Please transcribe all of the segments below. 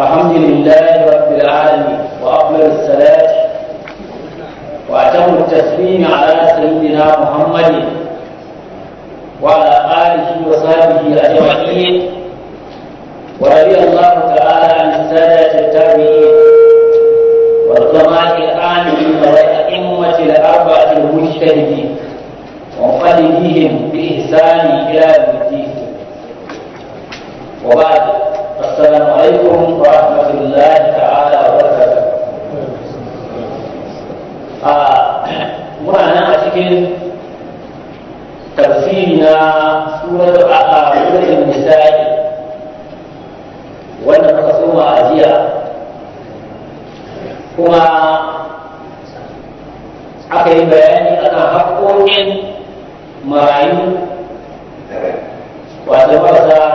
الحمد لله رب العالمين واقبل الصلاة وأتم التسليم على سيدنا محمد وعلى آله وصحبه أجمعين ورضي الله تعالى عن السادة التابعين والعلماء من الائمه الأربعة المجتهدين ومقلديهم بإحسان إلى الدين وبعد عليكم ورحمة muna nan a cikin tafsiri na suratul aqabul wanda muka soma a jiya kuma aka yi bayani akan haƙoƙin marayu wato marasa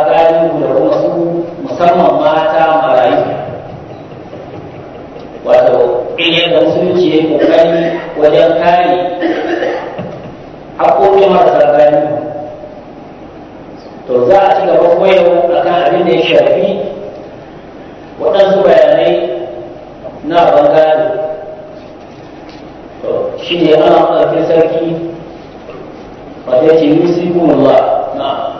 yi kokari wajen kare haƙoƙin marasa gani to za a ci gaba koyarwa akan abin da ya shafi waɗansu bayanai na bangare shi ne ana ƙarfin sarki wata ce yusi kuma na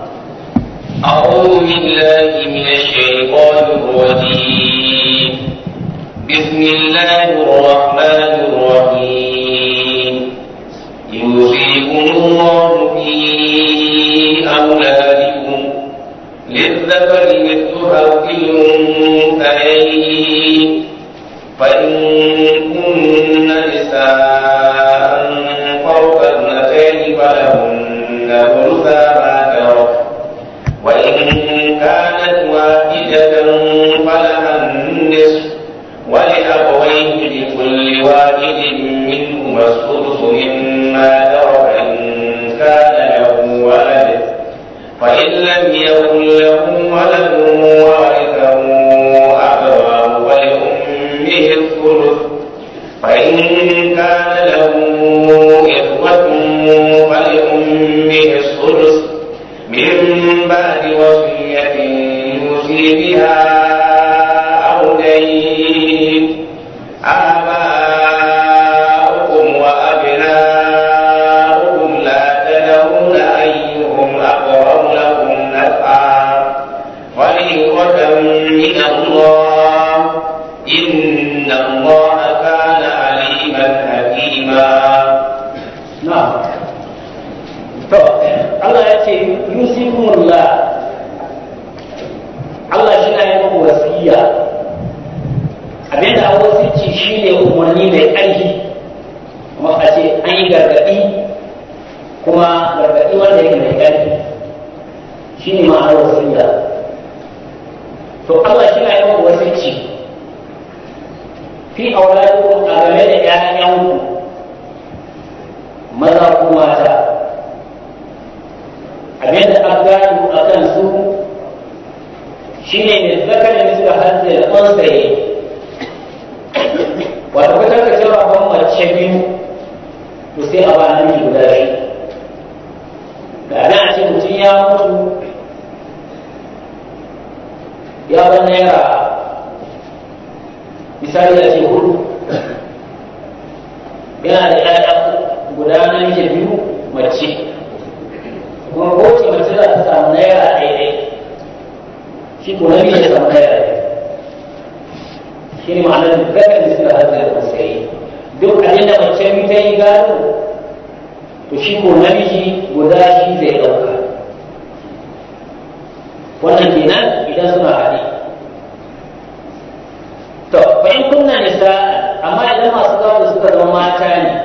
annabawa da suka zama mata ne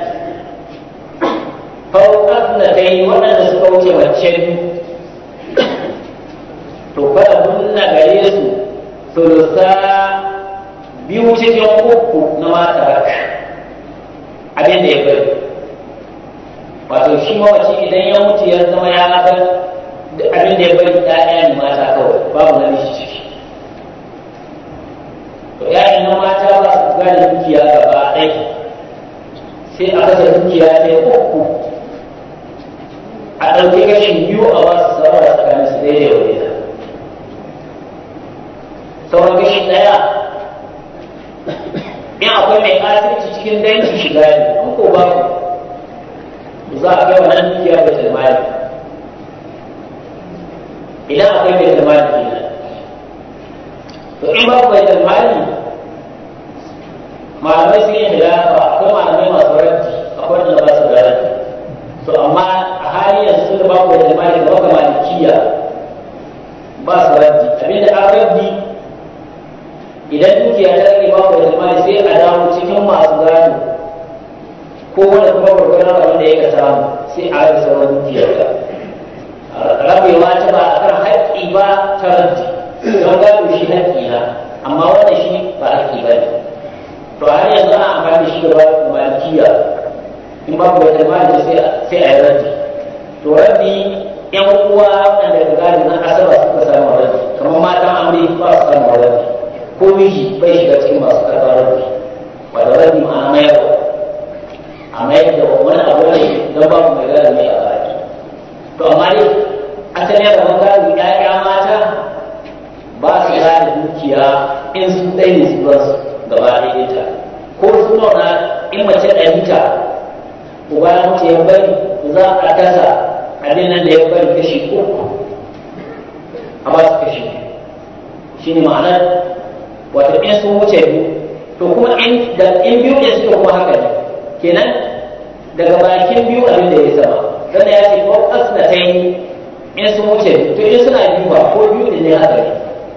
fauƙar na yi waɗanda suka wuce wacce biyu a gaza abin nan da ya bari kashi uku a ba su kashi shi ne ma'ana wata in sun wuce biyu to kuma in biyu ne suke kuma haka ne kenan daga bakin biyu abin da ya zama don ya ce ko na ta yi in sun wuce to in suna biyu ba ko biyu ne haka ne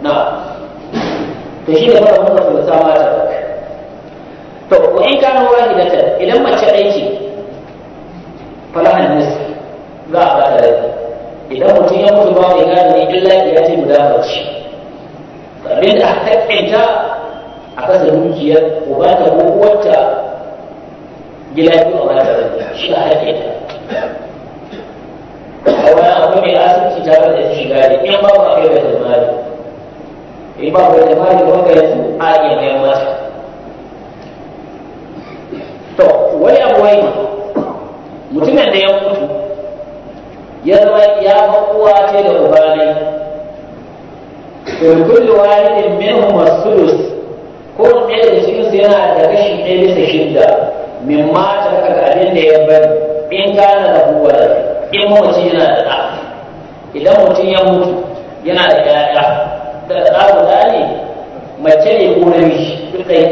na to shi ne fara mun da sama ta to in kana ta idan mace ɗaya ce falahan nesa, za a bada da idan mutum ya mutu ba mai ne illa ya ce guda shi abin da aka kaita a kasa dukiyar uba ta ko uwarta gida biyu a bada rai shi a a wani abu mai asibiti in ba ba kai da jamali in ba a iya mai to wani abu wai mutumin da ya mutu ya zama ya ce da uba ne to kullu wahidin minhum as ko ɗaya da cikin su yana da kashi ɗaya bisa shidda min ma ta da ya bar in kana da huwa in mawaci yana da ɗa idan mutum ya mutu yana da ƴaƴa da ɗa guda ne mace ne ko namiji duk ɗaya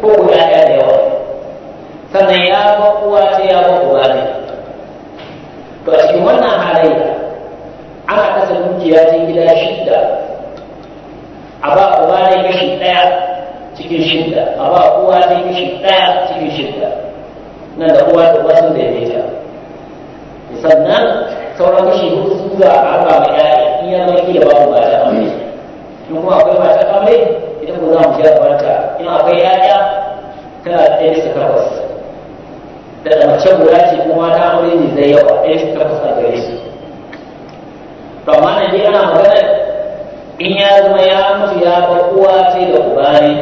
ko ƴaƴa da yawa sannan ya ba uwa ce ya ba uba ne to a cikin wannan halayya ana kasa dukiya ta gida shida a ba uba ne kashi daya cikin shida a ba uwa ne kashi daya cikin shida nan da uwa da uba sun ya sannan sauran kashi hudu su za a raba ma ƴaƴa in ya zama kila babu ba ta aure in kuma akwai ba ta aure ita ko za mu a kwanta in akwai yaya tana da ɗaya bisa da mace guda ce kuma ta aure ne zai yawa ɗaya shi karfasa gare shi to amma na ana magana in ya zama ya mutu ya bar uwa sai da uba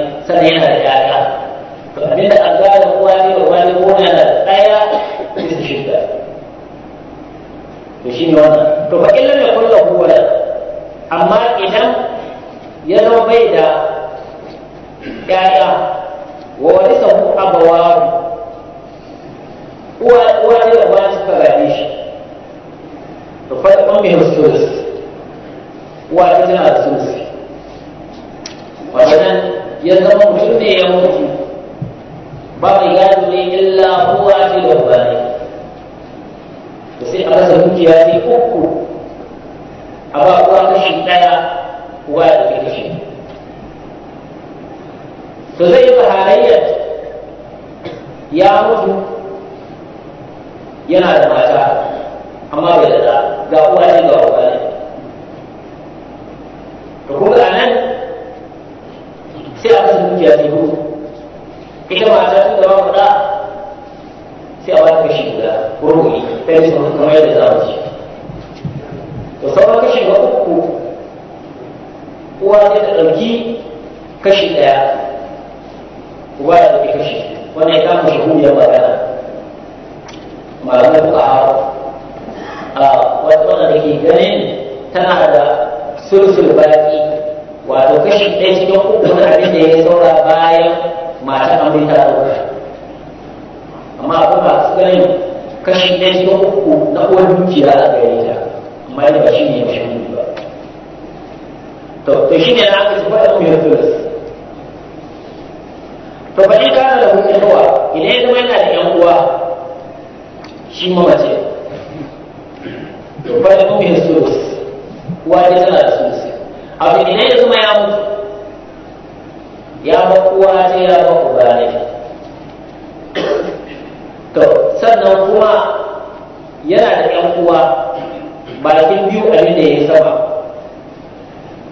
bakin biyu abin da ya yi sama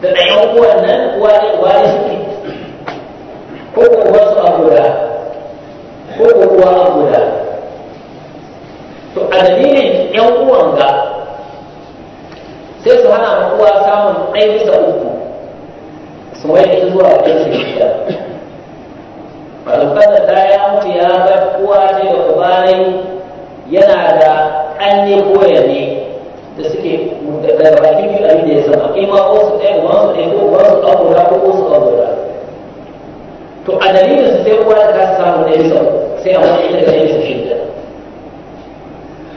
da ɗayan uwan nan wani wani suke ko kuwa su a guda ko kuwa a guda to a dalilin yan uwan ga sai su hana ma uwa samun ɗaya bisa uku su mai da zuwa ɗaya su shida Malfasa ta ya mutu ya ga uwa ce da uba yana da ƙanye ko yanne da suke da baki biyu a da ya zama kai ma ko su ɗaya uban su ɗaya ko uban su ɗaukura ko ko su ɗaukura to a dalilin su sai uwa ta samu ɗaya sau sai a wani ita da ɗaya su shida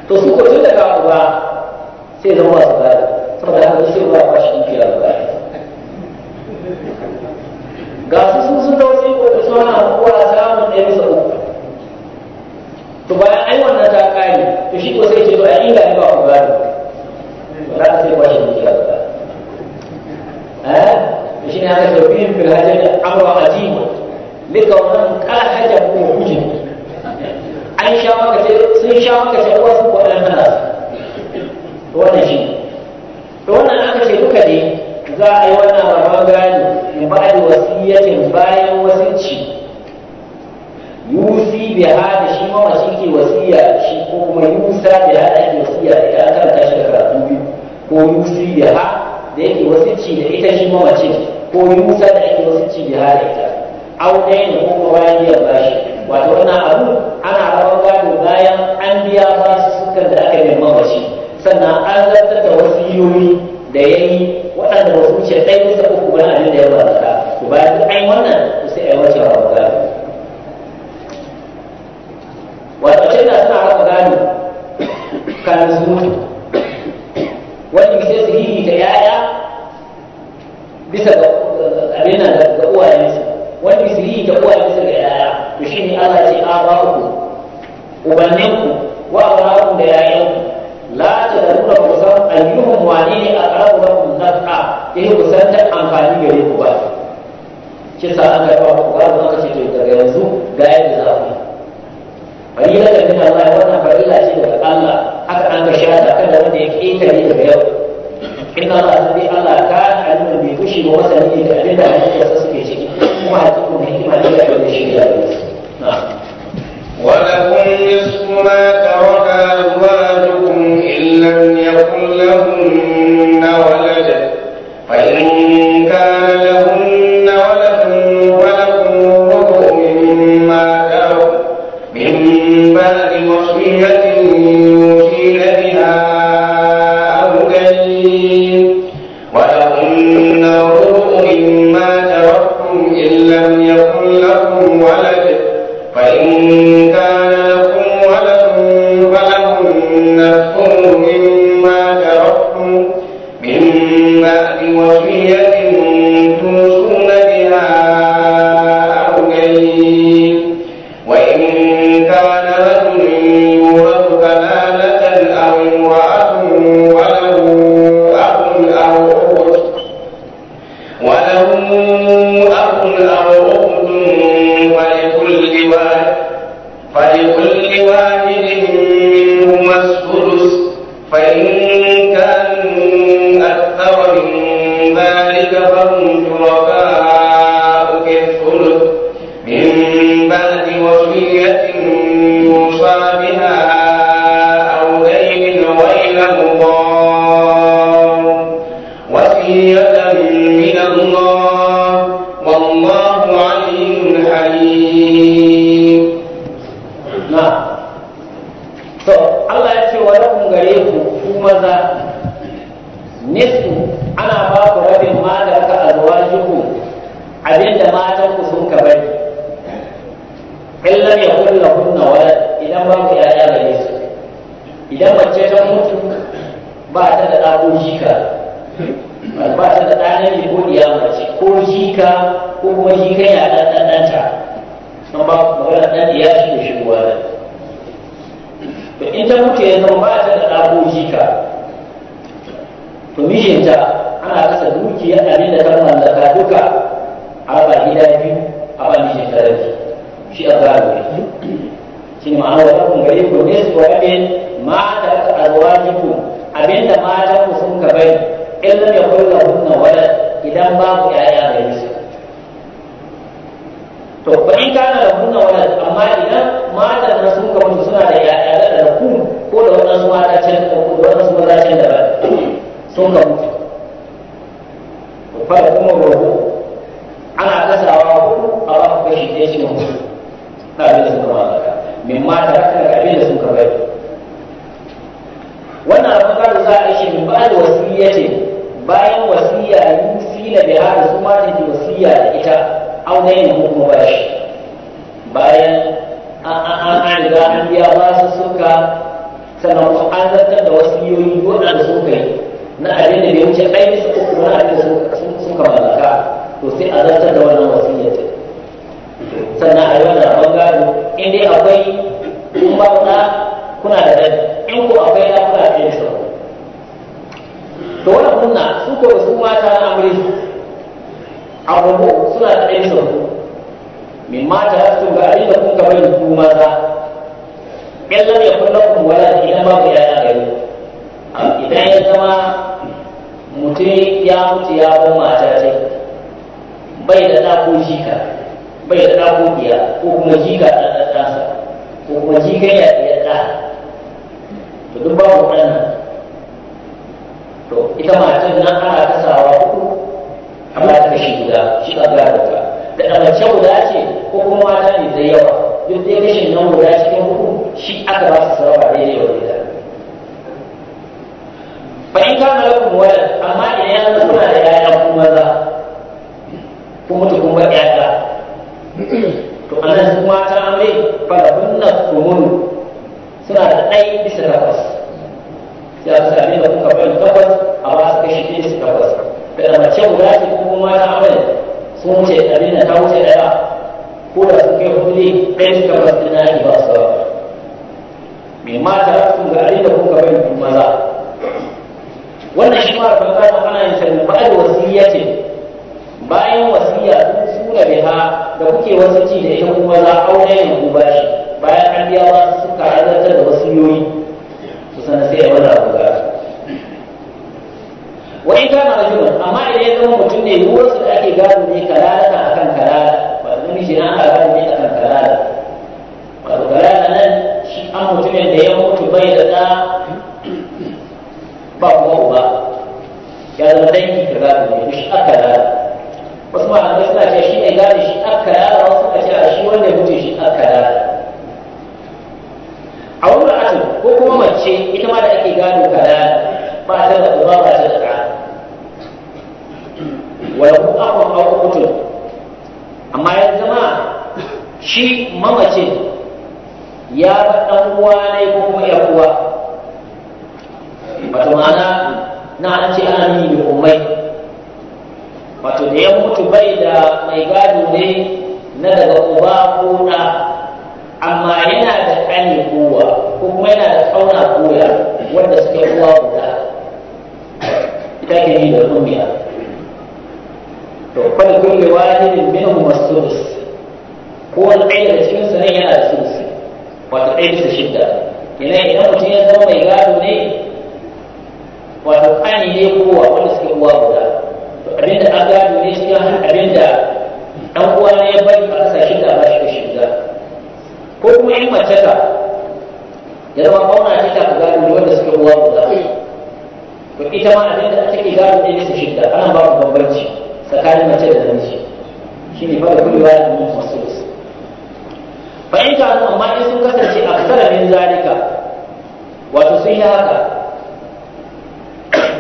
to su ko tun daga uba sai zama masu da, saboda haka sai uwa ba shi biya ba ga su sun sun dausi ko da su wani abubuwa samun ɗaya bisa uku to bayan ai wannan ta kare to shi ko sai ce to ai ila ne ba uba لا أستطيع وجه ها مشين هذا سبيل في الهجرة أمر عظيم لكونهم كلا حاجة موجودة sha maka sun sha maka ta da waɗannan nasu wannan shi to wannan aka ce duka ne za a yi wannan rabon gani ya ba da wasu ci. yusi bi hada shi mamaci wasiya shi kuma yusa bi hada ke wasiya da aka karanta shi ko yusi da ha da yake wasu ci da ita shi mamacin ko yusa da yake wasu ci da ha da ita au ɗaya ne ko kuma bayan biyan bashi wato wannan abu ana rawar gado bayan an biya basu sukan da aka yi mamaci sannan an zartar da wasiyoyi da ya yi waɗanda wasu wuce ɗaya kusa uku wani abin da ya ta. to bayan an yi wannan sai a yi wancan rawar gado wato ce da suna rawar gado kan su wanda sai su ta yaya bisa ga abin nan ga uwayensu wanda su hihita uwayensu ga yaya to shi ne Allah ce a ba ku ubanninku wa abarakun da yayanku la ta da nuna kusan ayyuhun wani ne a karabu na kunnaka ya yi kusantar amfani gare ku ba shi sa an karɓa ku ba ku aka ce to daga yanzu ga yadda za ku yi. Bari yadda da Allah ya Gracias. nisfu ana ba ku rabin ma da aka abin abinda matan ku sun ka bari in lam yakun lahunna wala idan babu yaya gare su idan mace ta mutu ba ta da ɗa ko jika ba ta da ɗa ne ko diya mace ko jika ko kuma jika ya ɗan ɗan ta an ba ku magana ɗan diya shi shi shigowa da in ta mutu ya zama ba ta da ɗa ko jika to mijinta ana kasa dukiya da ne da ta duka a ba gida biyu a ba mijinta rabi shi a gado ne shi ma an wata kun gare ku ne su wani ma ka aka alwajiku abinda mata ku sun ka bai in lam yakul lahunna wala idan babu yaya gare su to ba in kana lahunna wala amma idan mata na sun ka mutu suna da yaya da ku ko da wadansu mata can ko da wadansu mata can da ba sun rabu ba da kuma rogo ana gasawa hudu a ba ku kashi ɗaya cikin hudu na abin da suka ba da min ma da kan abin da ɗan nasa ko kuma jigan ya ɗaya ɗa to duk babu wannan to ita matan nan ana kasawa ku, amma ta kashi guda shi a gado ta da ɗan mace guda ce ko kuma mata ne da yawa duk dai kashin nan guda cikin uku shi aka ba su sarrafa daidai wa gida fa in kana lakum walad amma idan ya kuna da ƴaƴa kuma maza ku mutu kuma ƴaƴa to anan su mata amai falahunna umuru suna da ɗai bisa takwas ya su sami da kuka bayan takwas a ba su kashi ne su takwas da mace guda ce ko mata amai sun wuce abin da ta wuce ɗaya ko da su kai hudu ɗai su takwas ɗin na ba su ba mai mata sun ga da kuka bari maza wannan shi ma da ana yin sanin ba'al wasiyya ce bayan wasiya sun tuna biha da kuke wasu ci da yan kuma za aure yanzu ba shi bayan an biya wasu suka azartar da wasu yoyi su sana sai ya maza ku gashi wani in kana rajulun amma idan ya zama mutum ne wasu da ake gado ne kalalata akan kalala ba da namiji na aka gado ne kan kalala ba da kalala nan shi an mutumin da ya mutu bai da ta ba kuma ba ya zama dangi ka gado ne shi aka gado wasu a suna ce shi ne gane shi aka yara wasu suka ce a shi wanda ya mutu shi aka yara a wurin atin ko kuma mace ita ma da ake gano kada ba ta da uba ba ta da ka wala ku akwai kawo mutum amma ya zama shi mamace ya ba ɗan uwa ne ko kuma ya uwa wato ma'ana na an ce ana nuni da umai wato da ya mutu bai da mai gado ne na daga uba ko na amma yana da kani kowa ko kuma yana da tsauna koya wanda suka yi uwa guda ita ke yi da rumiya to kwani kulli wahidin minhum as-sudus ko wani ɗaya daga cikin su yana da sudus wato ɗaya shida. shidda idan idan mutum ya zama mai gado ne wato kani ne kowa wanda suka yi uwa guda abin da an gado ne cikin abin da ɗan uwa ya bari ba a sa shi da ba shi shiga ko kuma yi mace ka ya zama ƙauna ce ta gado ne wanda suka uwa guda to ita ma abin da ke gado ne su shiga ana ba ku bambanci tsakanin mace da namiji shi ne fara kulewa da mun masu fa'in ta amma in sun kasance a kasar abin zarika, wato sun yi haka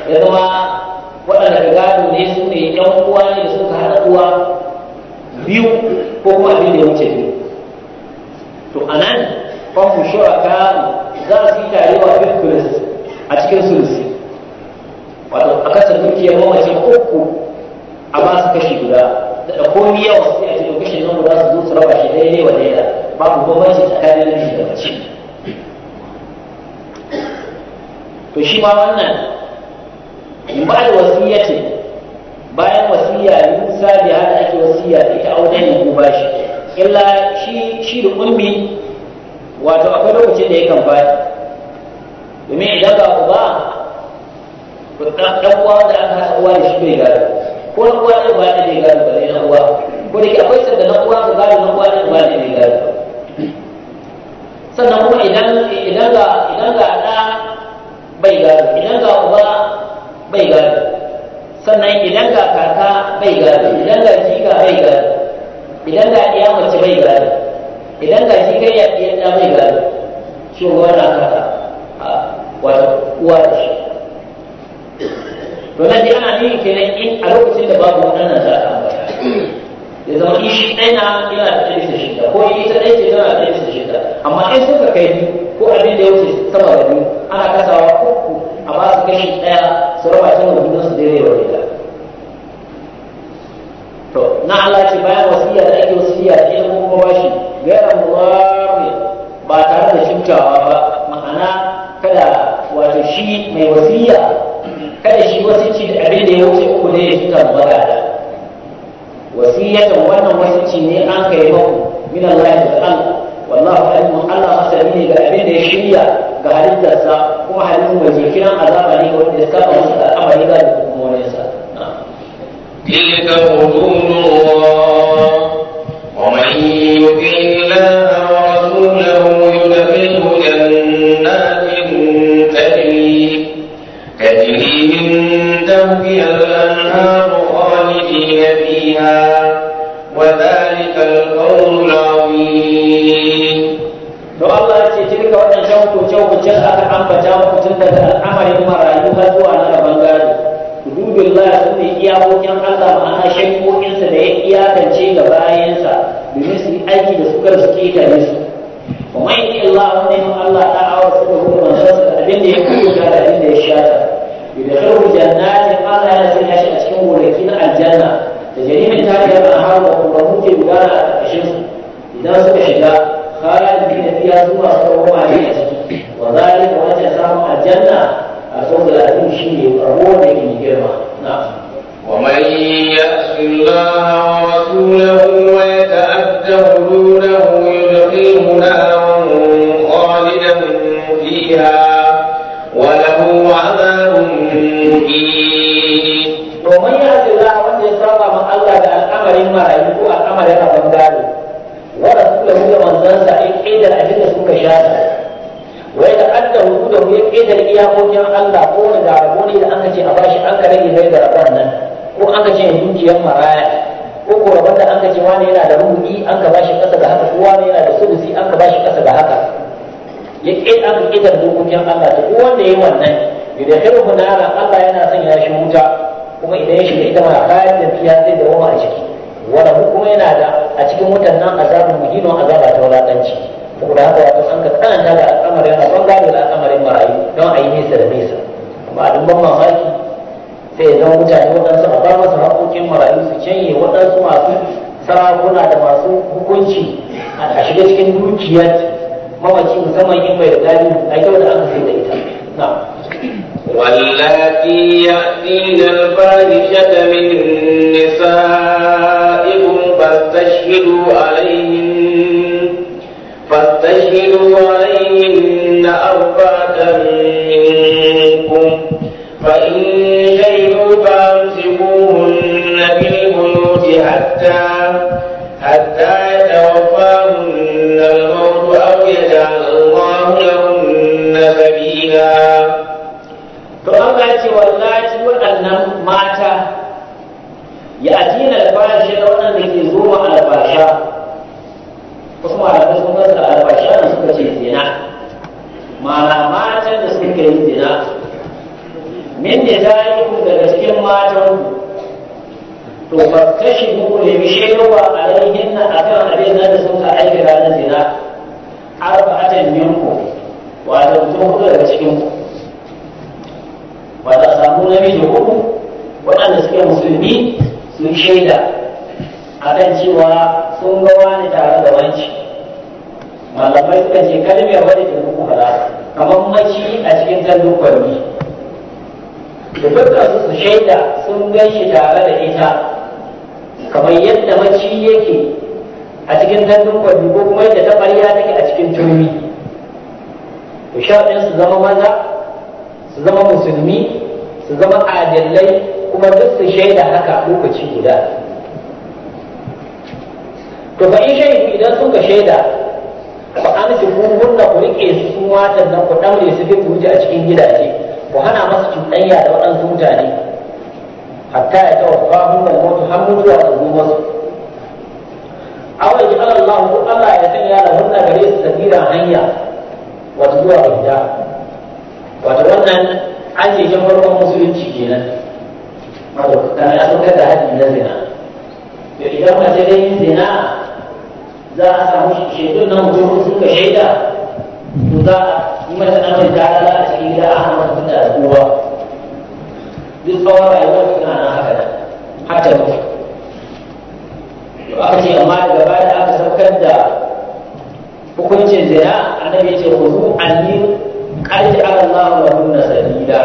ya zama waɗanda gado ne su ne ɗan uwa ne su ka haɗa uwa biyu ko kuma abin da wuce biyu to a nan fahimu ka za su yi tare wa kuris a cikin sulusi wato a kasar dukiyar mamaci uku a ba su kashi guda da da komi yawa su a cikin kashi nan guda su zo su raba shi daidai wa daida babu bambanci tsakanin shi da mace to shi ma wannan in ba da wasiya ce bayan wasiya musa da hada ake wasiya da ita auren ya ko bashi illa shi shi da ummi wato akwai lokacin da yakan bayar domin idan ba uba dan uwa da aka haɗa uwa da shi bai gado ko na uwa da ba da bai gado ba na uwa ko da ke akwai sanda na uwa da gado na uwa da ba da bai gado sannan kuma idan idan ga idan ga ɗa bai gado idan ga uba bai gari sannan idan ga kaka bai gari idan ga jika bai gari idan ga iya mace bai gari idan ga jika ya iya da bai gari shi wannan kaka wato uwa da shi to nan ana nuni kenan in a lokacin da babu waɗannan za a ya zama in shi ɗaya na yana da ɗari su shida ko in ita ɗaya ce tana da ɗari su shida amma in suka kai ko abin da ya wuce sama da biyu ana kasawa ko a ba su kashi ɗaya su raba ta da su daidai wa daida to na Allah ce bayan wasiya da ake wasiya ta yi kuma bashi gairan muwari ba tare da shimtawa ba ma'ana kada wato shi mai wasiya kada shi ci da abin da ya wuce uku ne ya shimta magada wasiyatan wannan wasu ci ne an kai maku min Allah da Allah الله علم الله سلمني بأمين الشيء قال الدرس هو حد وزيفنا أذابني وإذكار أمري قال لكم وليس نعم تلك قلوب iyakokin Allah ma'ana shaikokinsa da ya iyakance ga bayansa domin su yi aiki da sukar suke ketare su wa mai yi Allah wani yin Allah ta awa su da kuma manzansa da abin da ya kuka da abin da ya shata da karfi jannatin Allah yana sanya shi a cikin gonaki na aljanna da jarimin tarihar a harwa kuma muke gudana a ƙarshen su idan suka shiga khalidin da fiya zuwa sauwa ne a ciki wa zalika wajen samun aljanna a saboda abin shi ne rabo da yake girma na'am ومن يأس الله ورسوله ويتأد حدوده يدخله نارا خالدا فيها وله عذاب مهين ومن يأس الله ومن يسرق من الله الأمر ما يجب الأمر يرى من ذلك ورسوله من ذنسى إحيد الأجنة سكشاتا ويتأد حدوده يحيد الإياه وجه الله قول دعوني لأنك أباشي أنك لي غير ربنا ko an ka ce dukiyar maraya ko ko rabon da an ka ce wani yana da rubuni an ka bashi kasa da haka ko wani yana da sulusi an ka bashi kasa da haka ya ƙi an ka ƙidar dokokin Allah ta ko wanda ya yi wannan idan ya rufe nara Allah yana son ya shi wuta kuma idan ya shiga ita ma kayan da fiya zai da wama a ciki wala kuma yana da a cikin wutan nan azabun muhimin azaba ta wulaƙanci saboda haka wato an ka tsananta da al'amarin a bangare da al'amarin marayu don a yi nesa da nesa amma a dubban mamaki sai zama mutane waɗansu a ba masu haƙoƙin marayu su canye waɗansu masu sarakuna da masu hukunci a shiga cikin dukiyar mamaci musamman yin bai da gani a yau da aka sai da ita واللاتي يأتين الفاحشة من نسائكم فاستشهدوا عليهن فاستشهدوا عليهن أربعة منكم فإن شيبوا فأمسكوهن بالبيوت حتى حتى يتوفاهن الموت أو يجعل الله لهن سبيلا to an gaci wallahi waɗannan mata ya ajina alfashi da waɗanda ke zuwa alfasha wasu malamai sun gasa alfasha da suka ce zina ma'ana matan da suka yi zina min da zalikum daga cikin matan to ba kashi ku ne a yankin nan a akan abin da sun ka aikata na zina ku, wa wato mutum hudu daga cikin ku ba za a samu namiji hudu waɗanda suke musulmi sun shaida a kan cewa sun ga wani tare da wanci malamai suka ce kalmar wani da kuku fara kamar maci a cikin tallon da dukkan su su shaida sun gan shi tare da ita kamar yadda maci yake a cikin tantun kwalli ko kuma yadda ta ɓarya take a cikin turmi to shaɗin su zama maza su zama musulmi su zama adillai kuma duk su shaida haka lokaci guda to fa in shaidu idan suka shaida ba an shi kunna ku rike su mata nan ku ɗaure su duk wuce a cikin gidaje ku hana masu cuɗanya da waɗansu mutane hatta ya tawa fahimun da mutu har mutuwa ta zo masu awai jihar Allah ko Allah ya sanya da wannan gare su sabiran hanya wata zuwa gida. wata wannan an ce shan farkon musulunci kenan madaukakan ya sun da hadin na zina to idan mace ta dai zina za a samu shaidun nan gudu suka shaida to za a yi mata nan da a cikin gida a hannun da kowa duk tsawon rayuwar suna nan haka nan hatta mutu to aka ce amma daga baya aka saukar da hukuncin zina annabi ce kuzu anni qad Allah wa kunna sabila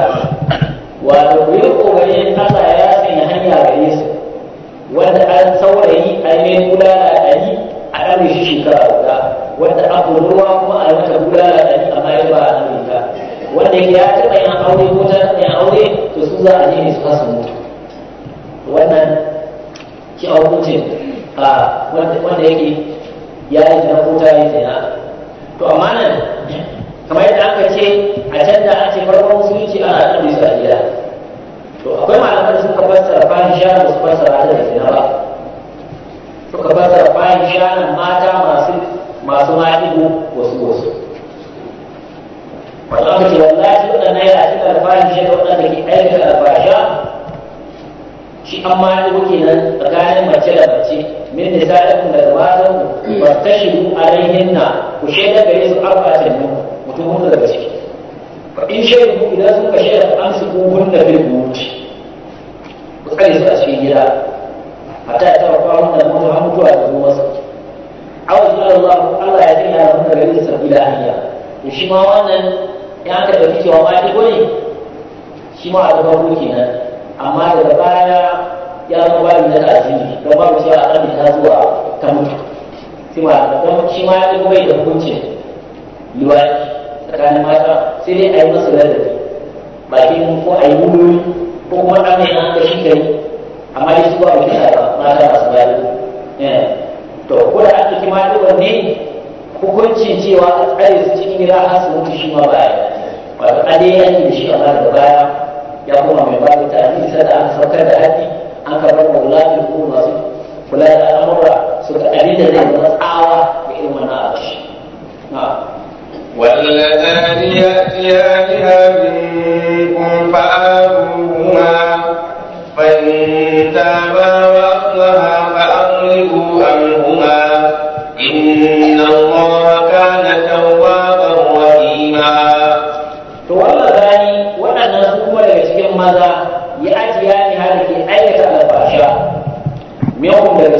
wato ku yi kokari Allah ya sanya hanya gare su wanda an saurayi a yi bulala ɗari a ɗari shekara guda wanda abu ruwa kuma a mata bulala ɗari amma ya ba a Amurka. wanda ya taɓa yin aure ko ta taɓa yin aure to su za a je ne su fasa mutu wannan ki a hukuncin a wanda yake ya yi zina ko ta yi zina to amma nan kamar yadda aka ce a can da a ce farkon musulunci ana da su a gida to akwai malaman da suka fassara fahisha da su fassara ta da zina ba suka fassara fahisha nan mata masu masu ma'ibu wasu wasu والله والله waɗannan yana cikin alfahari shi da waɗanda ke aikata alfahasha shi an ma yi wuke nan tsakanin mace da mace min da sa'adun da mazan ba ta shigo a rainin na ku shaida gare su arba ta biyu mutum hudu daga ciki ba in shaidu idan sun ka shaida an su kogun da bai buci ku tsare su a cikin gida ta ya taɓa fara da mutu har mutuwa da zuwa su awon Allah Allah ya sanya mutum da gari sabila hanya to shi ma wannan ya aka ɗauki cewa ba ɗigo ne shi ma a farko nan amma daga baya ya zo babu na ta'azimi don babu cewa a ɗan ta zuwa ta mutu shi ma don shi ma ya ɗigo bai da hukuncin luwaki tsakanin mata sai dai a yi masu ladabi mun ko a yi wuri ko kuma ɗan mai an shi kai amma dai su ba a kisa ba mata ba bayan eh. to ko da ake kima da wanne hukuncin cewa a tsare su cikin gida su mutu shi ma baya wato adayanci da shi amma daga baya ya koma mai babu tarihi sai da aka saukar da haji an karɓar maula da kuma masu kula da al'amura suka abin da zai zama tsawa da irin wannan abu shi واللذان يأتيانها منكم فآتوهما فإن تابا وأصلها فأغلبوا أمرهما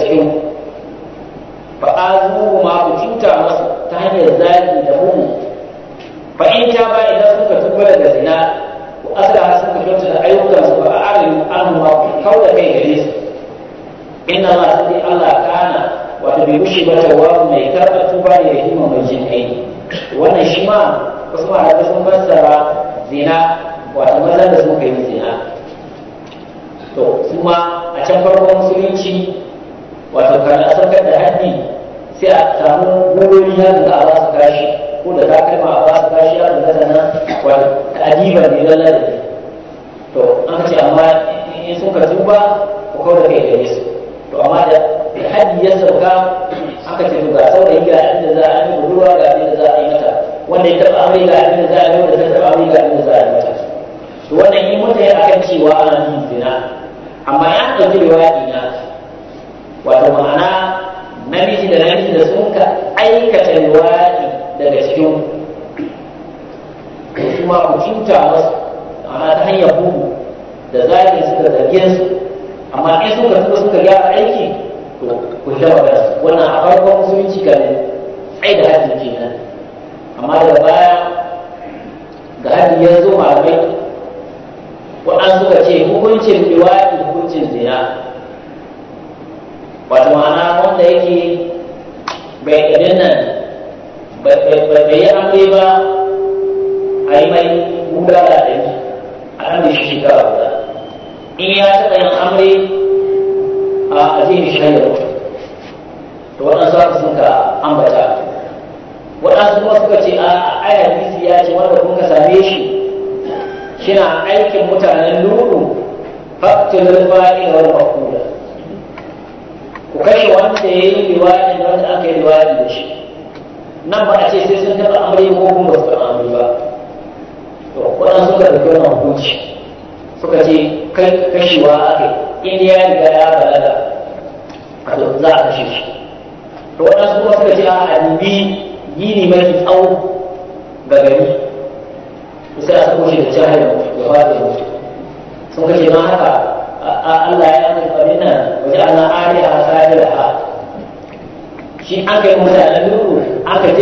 cikin zuwa ma ku cuta masu ta hanyar zaki da mugu Ba in ta ba idan suka tuba da zina ku asala suka kyauta da ayyukansu ba a arin annuwa ku kau da kai gare su inna ma sai Allah kana wato bai bushe ba tawabu mai karɓa tuba ne da himma mai jin kai wannan shi ma wasu malamai sun fassara zina wato mazan da suka yi zina to kuma a can farkon musulunci wato a sarkar da haddi sai a samu gurori ya da a basu kashi ko da ta kai ma a basu kashi ya da zana wato kadiba ne lalla da to an ce amma in sun ka ba ko kawo da kai gare su to amma da haddi ya sauka aka ce ga saurayi ga da za a yi ruwa ga da za a yi mata wanda ya taba amai ga da za a yi wanda ta taba amai ga da za a yi mata to wannan yi mutane akan cewa ana yin zina amma ya ɗauki riwaya wato ma'ana namiji da namiji da sun ka aikata luwaɗi daga cikin kuma ku cuta wasu ma'ana ta hanyar bugu da zaɓi suka zarge su amma in suka tuba suka gyara aiki to ku shaba da su wannan a farkon musulunci kan ai da hajji kenan amma da baya da hajji ya zo malamai an suka ce hukuncin liwaɗi hukuncin zina wato ma'ana wanda yake bai idan nan bai yi amfani ba a yi mai guda da ɗari a nan da shi shekara guda in ya taɓa yin amre a zai yi shayar mutu to waɗansu haka sun ka ambata waɗansu kuma suka ce a ayar bisi ya ce wanda kun ka same shi shina aikin mutanen lulu rufa ina wani makula ku kashe wanda ya yi riwaya da wanda aka yi riwaya da shi nan ba a ce sai sun taɓa amuri ko kuma su taɓa amuri ba to kuɗan suka ɗauki wannan hukunci suka ce kai kashewa aka yi in ya riga ya balaga a to za a kashe shi to su kuma suka ce a annabi yi ne mai tsawo ga gari sai a sako shi da jahil da fara mutu sun kashe ma haka Allah ya azurfa nina waje ana ariya sadirha shi aka yi mutanen nuru aka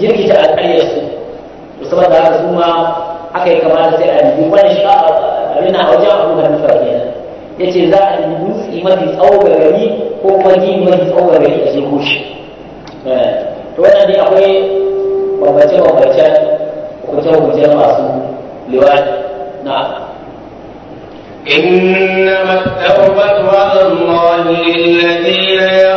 jirgita a karyarsu to saboda haka su ma aka yi sai a yi wani shi abin a wajen abu da nufa kenan ya ce za a yi dutse mafi tsawo ga gari ko yi mafi tsawo ga gari a jeko shi eh, to wannan dai akwai bambance-bambancen hukunce-hukuncen masu liwani na إنما التوبة على الله للذين يعلمون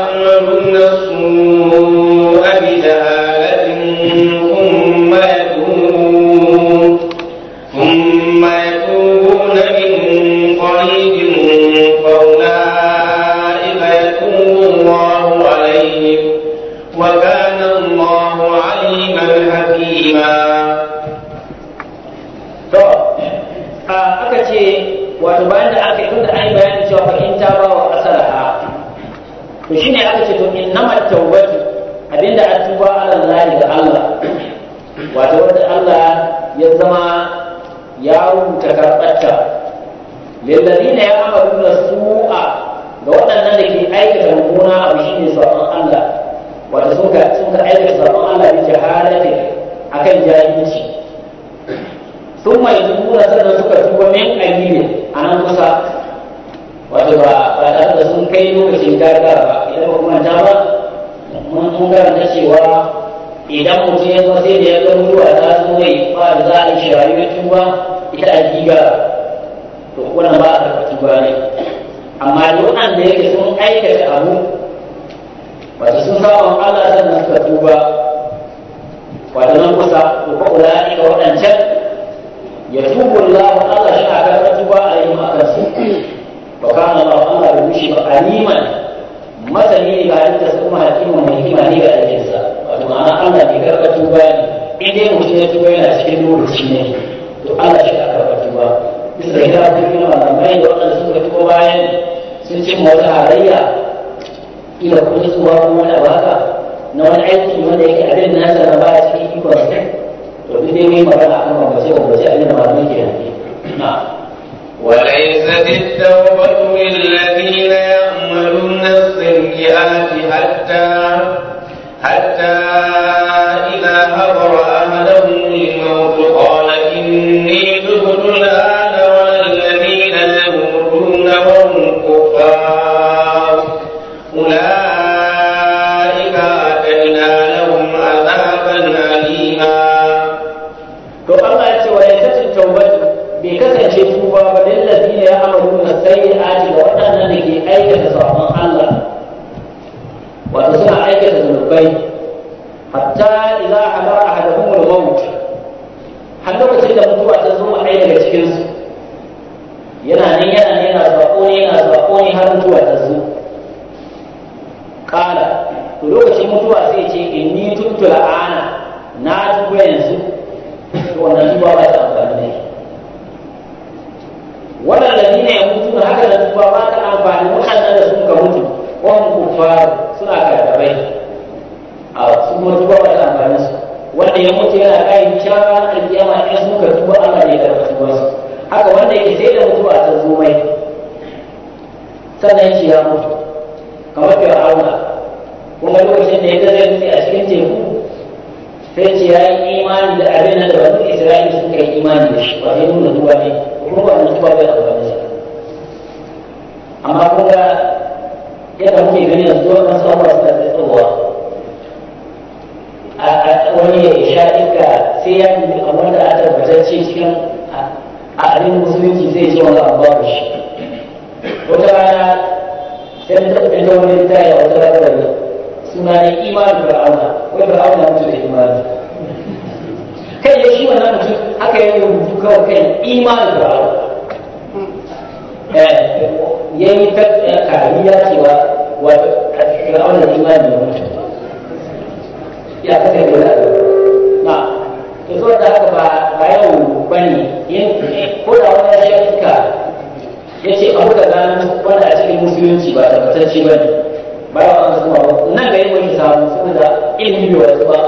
ƙin biyu yanzu ba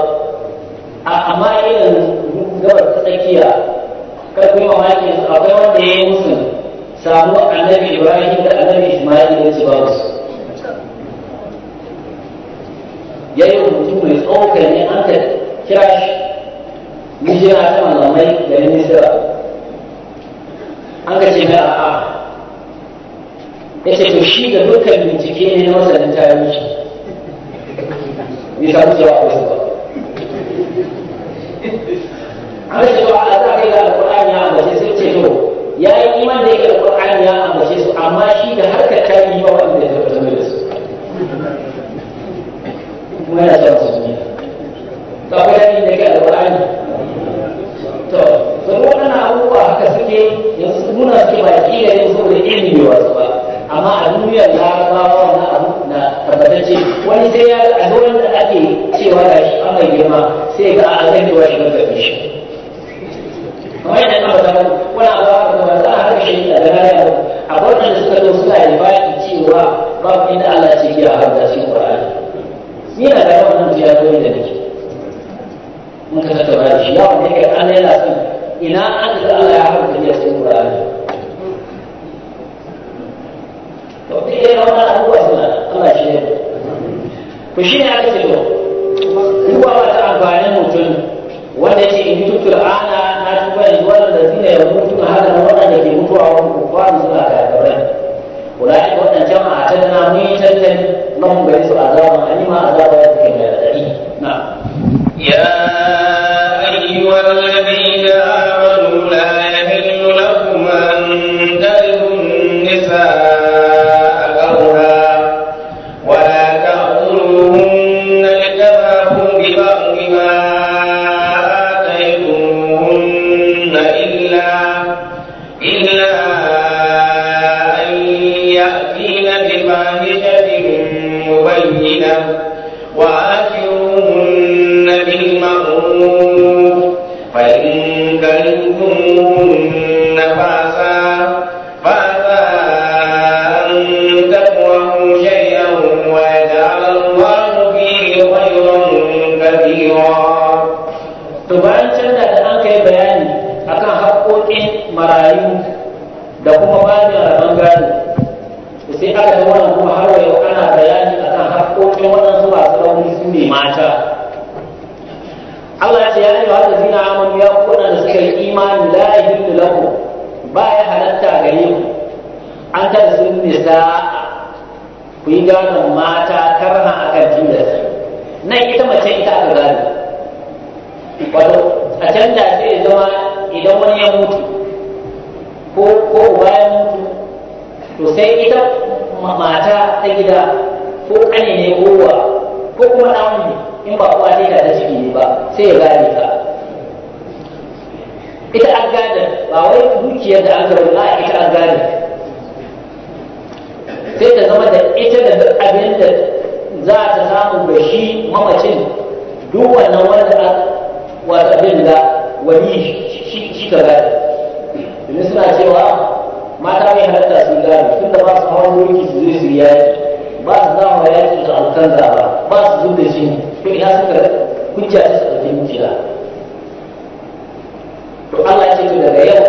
amma irin gabar ta tsakiya kai kuma mamaki akwai wanda ya yi musu samu annabi ibrahim da annabi ismail da su babu su ya yi rubutu mai tsoka ne an ta kira shi mijina ta malamai da ministra an ka ce mai a'a ya ce to shi da dukkan bincike ne na masanin tarihi bai samu jawa a wasu ba an da cewa a za a yi alƙur'ani ya ambace sai ce to ya yi iman da yake alƙur'ani ya ambace su amma shi da harkar ta yi ba wanda ya tabbatar da su kuma yana son su ne to akwai yaƙi da yake alƙur'ani to sun waɗannan abubuwa haka suke yanzu nuna suke ba ƙila yanzu da ilimi ba su ba amma a duniyar larabawa na abubuwa kansa wani sai ya a wurin da ake cewa da shi an mai girma sai ga a zai cewa shi ga shi kamar yadda na faɗa wani abu aka zama za a harshe da gana a wannan da suka zo suna alfahari cewa babu inda Allah ce ke a harka cikin Qur'ani ni na da wannan ziyarorin da nake mun ka tattauna shi ya wanda kai Allah yana son ina an da Allah ya harka a Qur'ani to duk irin wannan abubuwa suna Allah shi ku shi ne aka cewa duba ba ta amfanin mutum wanda ce in tutur ana na tuba yanzu wanda zina ya mutu na haka na waɗanda ke mutuwa wani kufaru suna kafirai ulai waɗannan jama'a ta na mun yi tattalin lahum gari su azaban anima azaban da ke da dadi na ya ayyuhal ladina amanu la freedom kane ne kowa ko kuma ɗan ne in ba kuwa ne da jiki ne ba sai ya gane ka ita an gane ba wai dukiyar da an ba a ita an gane sai ta zama da ita da duk abin da za ta samu da shi mamacin duk wannan wanda wata abin da wani shi ka gane domin suna cewa mata mai halatta sun gane tun da ba su hawan mulki su zai su yi canza ba ba su zo da shi to ina suka kunja ta su ɗauki hujja to Allah ya ce to daga yau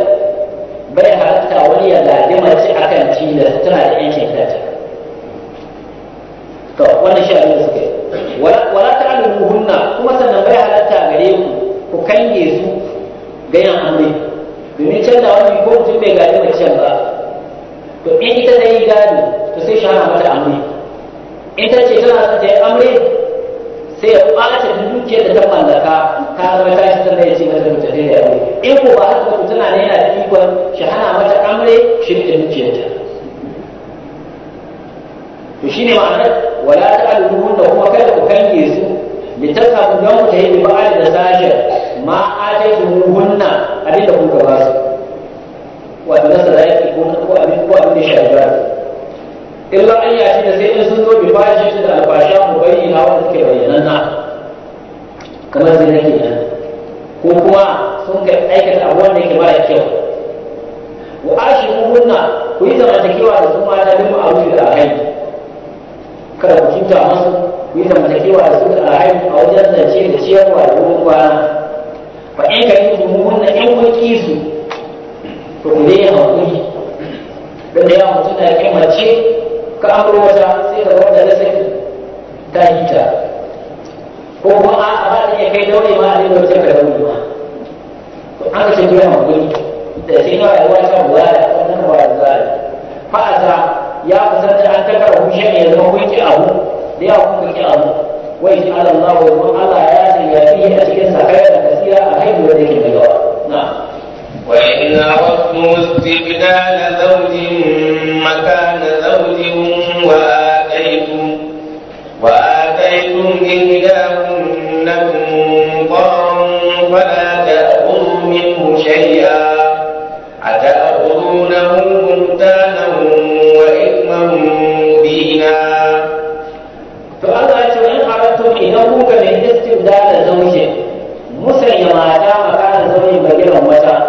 kwace dukiyar da ta mallaka ka zama ta shi sannan ya ce mata mutum da yare in ko ba haka mutum tana ne yana da ikon shi hana mata amre shi da ta. to shine ma'anar wala ta ta'aluhun da kuma kada ku kange su littattafu don ku ta yi bi ba'a da sashen ma a ta yi hunna abin da kuka ba su wato na sadaki ko ko abin ko abin da shafi ba illa an yashi da sai in sun zo bi bashi da albasha mu bayyana wanda suke bayyananna kamar zai ke nan ko kuma sun ga aikata abu wanda yake mara kyau wa ashi kunna ku yi zamantakewa da su mata bin ma'arufi da alhaji kada ku cuta masu ku yi zamantakewa da su da alhaji a wajen zance da ciyarwa da ruwan kwana fa in ka yi tumuhunna in kun ki su to ku dai hakuri don da yawa mutum da ya kai mace ka wata, sai ka rawar da ta hita ko kuma a ba da iya kai daure ma a zai daure ka daure ma to an ka shirya hankali da sai na rayuwa ta buwa da wannan ba da zai fa'asa ya kusanta an takar hushe ne ya zama kun ki abu da ya kun ki abu wai shi ala Allah wa kun Allah ya ce ya fi a cikin sakai da kasiya a kai da yake daga na وإن أردتم استبدال زوج مكان زوج وآتيتم وآتيتم إحداهما لكم ضرا فلا تأخذوا منه شيئا أتأخذونه بهتانا وإثما مبينا فأنا أتمنى أردتم إنه كمن استبدال زوجه مسلم ما دام كان زوجي بغير وتا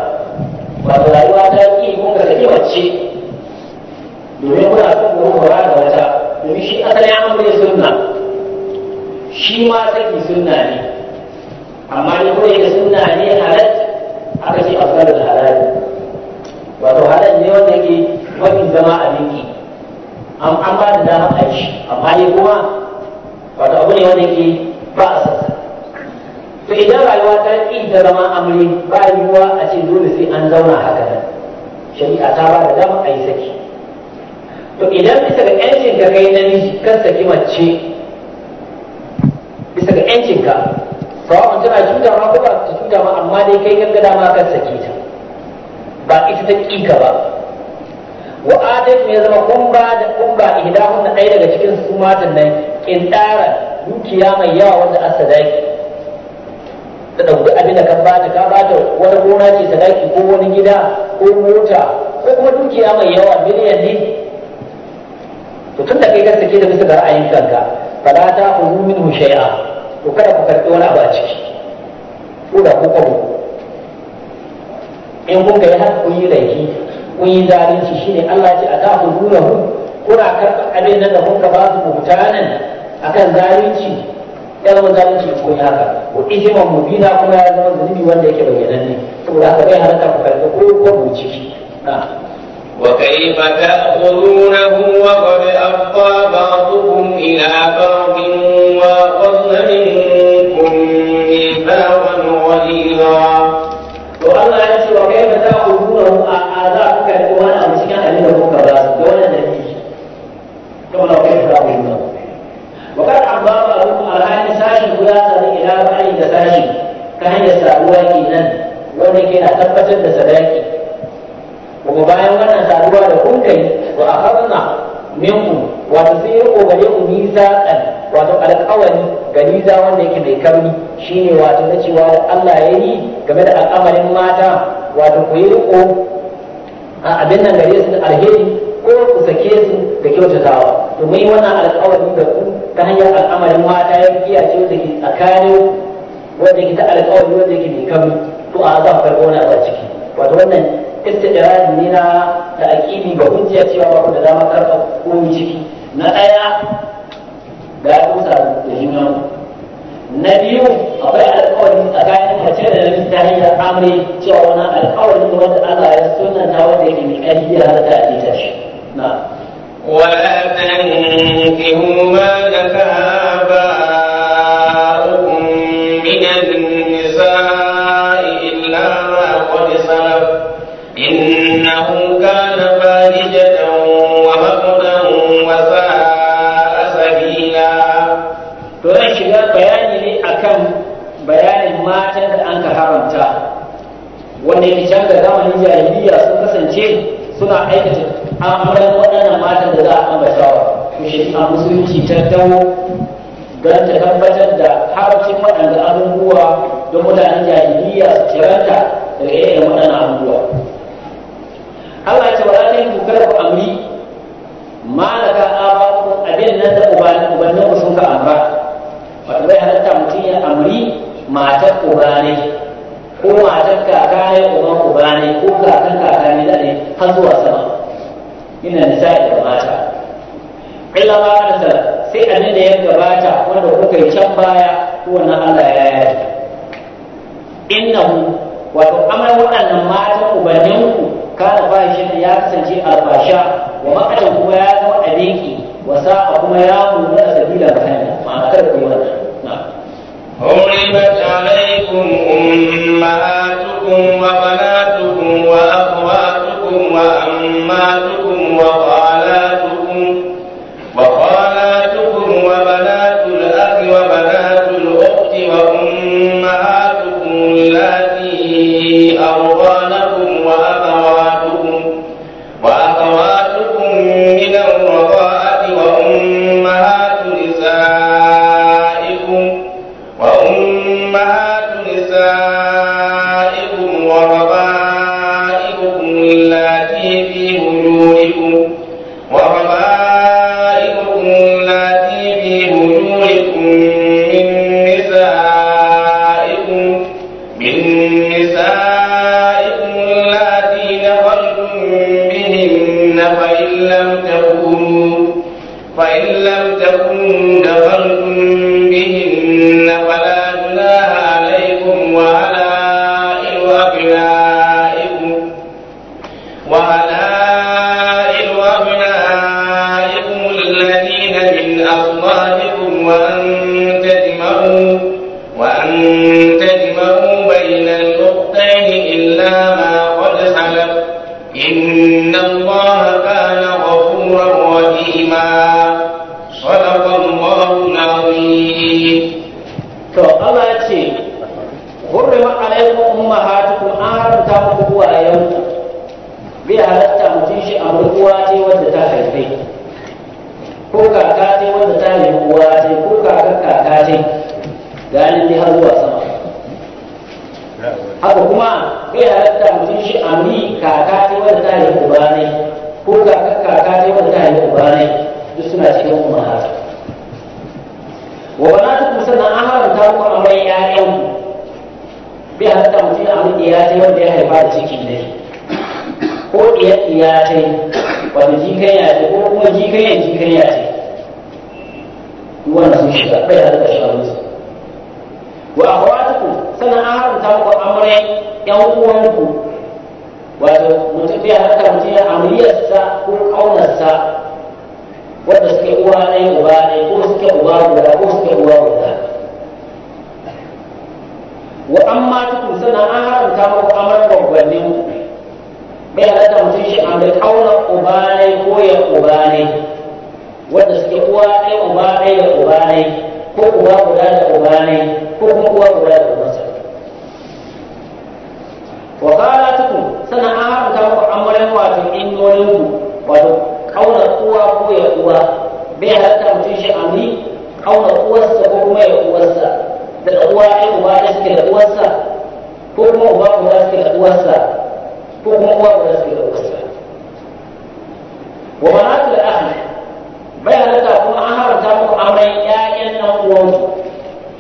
shi ma saki sunna ne amma ne kuma yake sunna ne halal aka ce afdalul halal wato halal ne wanda yake mafi zama a miki an ba da dama a shi amma ne kuma wato abu ne wanda yake ba a sassa to idan rayuwa ta ƙi ta zama amri ba yiwuwa a ce dole sai an zauna haka nan shari'a ta ba da dama a yi saki to idan bisa ga 'yancin ka kai namiji kan saki mace bisa ga yancinka sawa'un tana cuta ma ko ba ta cuta ma amma dai kai gangada ma kan sake ta ba ita ta ƙika ba wa adam ya zama kumba da kumba ihdahun da ɗaya daga cikin su matan nan kintara dukiya mai yawa wanda an sadaki ta ɗauki abin da ka bata ka bata wani gona ce sadaki ko wani gida ko mota ko kuma dukiya mai yawa miliyan ne to tun da kai ka sake ta bisa ga ra'ayin kanka fala ta khudhu min hushaya to kada ku karɓi wani abu a ciki ko da ku kwabo in kun kai har kun yi laifi kun yi zalunci ne Allah ce a ta khudhu lahu kuna karɓar abin nan da kuka ba su a kan zalunci ya zama zalunci ko ya haka ko isman mubina kuma ya zama zunubi wanda yake bayyananne saboda haka bai haraka ku karɓi ko kwabo ciki na'am وكيف تأخذونه وقد أفضى بعضكم إلى بعض وأخذن منكم ميثاقا غليظا وقال الله وكيف تأخذونه أعذاب كالدوان أو سكان أمين أبوك كيف أن ساشي خلاصة إلى kuma bayan wannan saduwa da kun kai a akhadna minku wato sai ya kogare ku mizaqan wato alƙawari ganiza wanda yake mai shi shine wato na cewa Allah ya yi game da al'amarin mata wato ku yi riko a abin nan gare su da alheri ko ku sake su da kyautatawa yi wannan alƙawari da ku ta hanyar al'amarin mata ya kiyace wanda ke tsakanin wanda ke ta alƙawari wanda ke mai karni to a za ku karɓo wani a ciki wato wannan istidraji ne na ta'akili ga hujja cewa ba ku da dama karfa ko ciki na ɗaya ga dusa da juna na biyu akwai alkawari tsakanin mace da namiji ta hanyar amri cewa wani alkawari ne wanda Allah ya ta wanda yake mai ƙarfi da har ta ita shi na ولا تنكحوا ما نكى آباؤكم من النار matan da an ka haramta wanda yake can da zamanin jahiliya sun kasance suna aikata amuran waɗannan matan da za a ambata wa to a musulunci ta dawo don ta tabbatar da harafin waɗanda abubuwa don mutanen jahiliya su ciranta da irin waɗannan abubuwa Allah ya ce wa ta yi kukar ku amri ma na ka aba abin nan da ubannin ku sun ka amra wato bai halatta mutum ya amri matar uba ne ko matar kaka ne uban uba ne ko kakan kaka ne da ne har zuwa sama ina nisa'i da mata illa ba da sala sai annin da ya gabata wanda kuka yi can baya ko wannan Allah ya yi innahu wato amar waɗannan matan ubanninku kana fashin ya kasance alfasha wa ma'adan kuma ya zama a wa sa'a kuma ya kuma sabila ga hanya ma'akar kuma حرمت عليكم أمهاتكم وبناتكم وأخواتكم وأماتكم وأخواتكم amma tukun sana an haramta ko amar gwaggwannin ku bai halatta mutum shi a mai kauna ubane ko ya ubane wanda suke uwa ɗaya uba ɗaya da ubane ko uba guda da ubane ko kuma uwa guda da ubansa wa kala tukun sana an haramta muku amaran wato innonin ku wato kauna uwa ko ya uwa bai halatta mutum shi a mai kauna uwarsa ko kuma ya uwarsa da uwa ya uba da suke da uwarsa ko kuma uba ko da suke da uwarsa ko kuma uwa da suke da uwarsa wa ma'atul ahli bayan halatta kuma an haranta muku auren ƴaƴan nan uwansu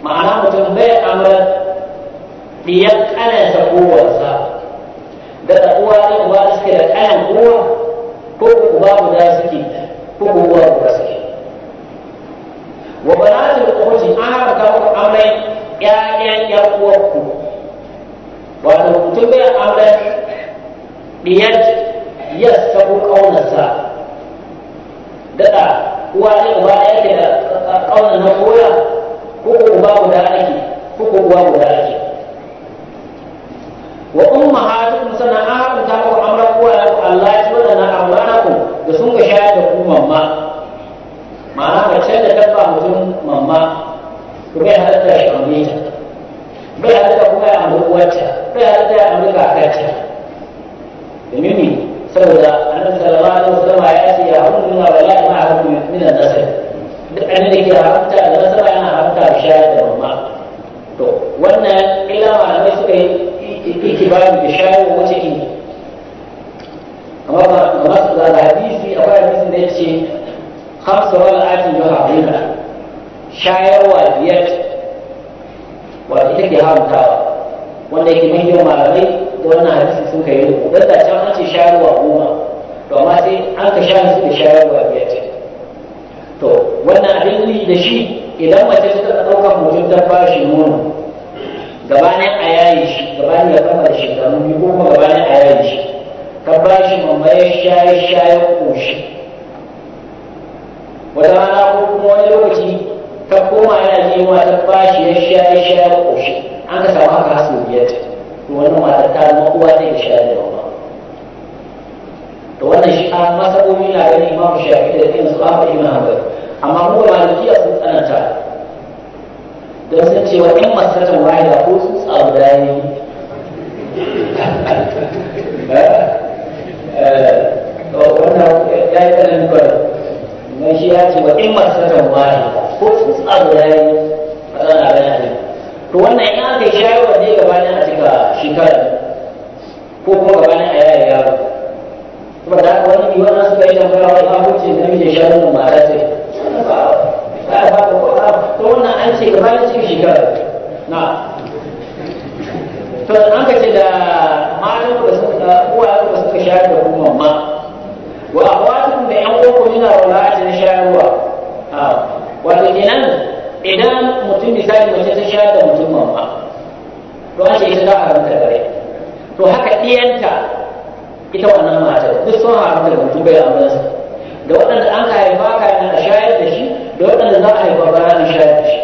ma'ana mutum bai auren diyan ƙanansa ko uwarsa da uwa ya uba da suke da ƙanan uwa ko uba ko da suke ko uwa da suke wa banatul ukhti an haramta muku ya ya ya uwanku wa mutum bai auren ɗiyar yas ta ku ƙaunarsa daɗa uwa ne uwa ɗaya ke da kauna na koya ko ku uba guda ake ko ko ku guda ake wa umma hatu sana an ta ku auren ku Allah ya na amana ku da sun ga shayar da ku mamma ma'ana mace da dabba mutum mamma kuma ya halatta ya aure ta bai halatta kuma ya aure uwarta bai halatta ya aure kakarta domin ne saboda annabi sallallahu alaihi wasallam ya ce ya hukun wa la ma hukun min an-nasr duk annabi da ke hafta da nasara yana hafta da shayar da mamma to wannan illa malamai suka yi ba da shayar wace ne amma ba su da hadisi akwai hadisi da ya ce خمس ورقات الرهيبة شاير وزيت وتتكي هارمتاوى wanda yake mai yawan malamai da wannan hadisi sun kai rubu don da can an ce shayarwa goma to amma sai an ka shayar su da shayarwa biyar ce to wannan abin yi da shi idan mace ta ɗaukar mutum ta bashi nono gabanin a yayi shi gabanin ya kama da shekaru biyu ko gabanin a yayi shi ta bashi mamaye shayar shayar ƙoshi wata rana ko kuma wani lokaci ta koma yana nema ta bashi ya sha ya sha ya koshi an ka samu haka su biyar to wannan mata ta zama uwa ta ya sha da yawa to wannan shi an masabobi na ma mu shafi da irin su yi imamu hanbal amma kuma malikiya sun tsananta don sun ce wa in masarata da ko sun tsaro da yi eh? Eh, wannan ya yi tsananta don shi ya ce wa in masatan wahida ko yi to wannan in aka yi a cika shekara ko kuma gabanin a yaya yaro kuma da haka wani biyu wannan suka yi tambaya wani mahuci na mijin shayarwa mata sai ba a ba ko ah, wannan an ce gabanin cikin shekara na to an ka ce da malin da suka uwa da suka shayar da kuma ma wa da yan koko yana wala shayarwa ah, wato kenan idan mutum misali mace ta shayar da mutum mamma to an ce ita za a haramta gare to haka ɗiyanta ita wannan matar duk sun haramta da mutum bai amuransu da waɗanda an ka haifa kayan a shayar da shi da waɗanda za a haifa bayan a shayar da shi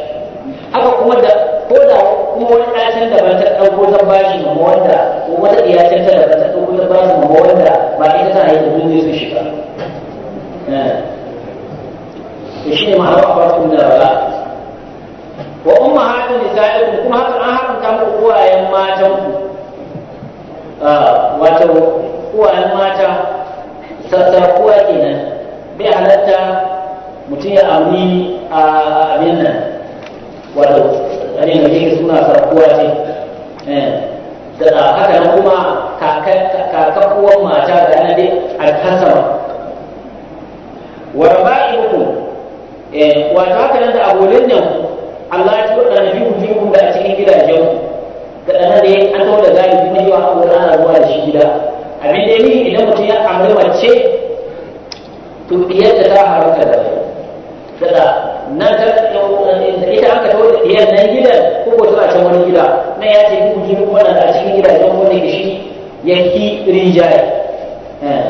haka kuma da ko da kuma wani ɗacin da ba ta ɗauko ta bashi ma wanda ko wata ɗiyacin ta da ba ta ɗauko ta bashi ma wanda ba ita ta haifa duniya su shi ba eh. shi ne ma'anar abartun da ba wa umma hatin nisa'ikum kuma har an haramta muku uwayen matan ku ah, wato uwayen mata sassarkuwa kenan bai halatta mutum ya amini a abin nan wato abin da yake suna sarkuwa ce eh, da haka nan kuma kakan uwan mata da na dai alkasama wa Eh, wato haka nan da abolan nan Allah ya ci wadda na biyu biyu da a cikin gidajen ga ɗan da ya an kawo da zai kuma yi wa abubuwa ana zuwa da shi gida abin da ya yi idan mutum ya amri mace to diyar da ta haramta da daga nan ta eh, ita aka kawo da diyar nan gidan ko ko ta can wani gida nan ya ce biyu biyu wannan a cikin gidajen wani da shi yanki rinjaye eh,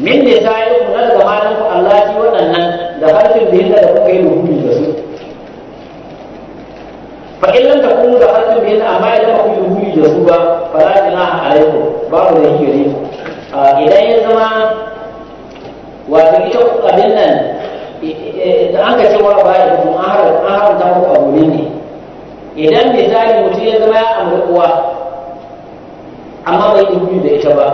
min da ta yi kuma daga malam Allah ya ci waɗannan da harfin da yadda da kuka yi rubutu da su fa illan ta kuma da harkar da yadda amma idan kuka yi rubutu da su ba fara jina a alaiku babu da yake ne idan ya zama wato ita abin nan da an ka cewa ba ya kuma an haramta ku a gobe ne idan misali mutum ya zama ya amurkuwa amma bai yi rubutu da ita ba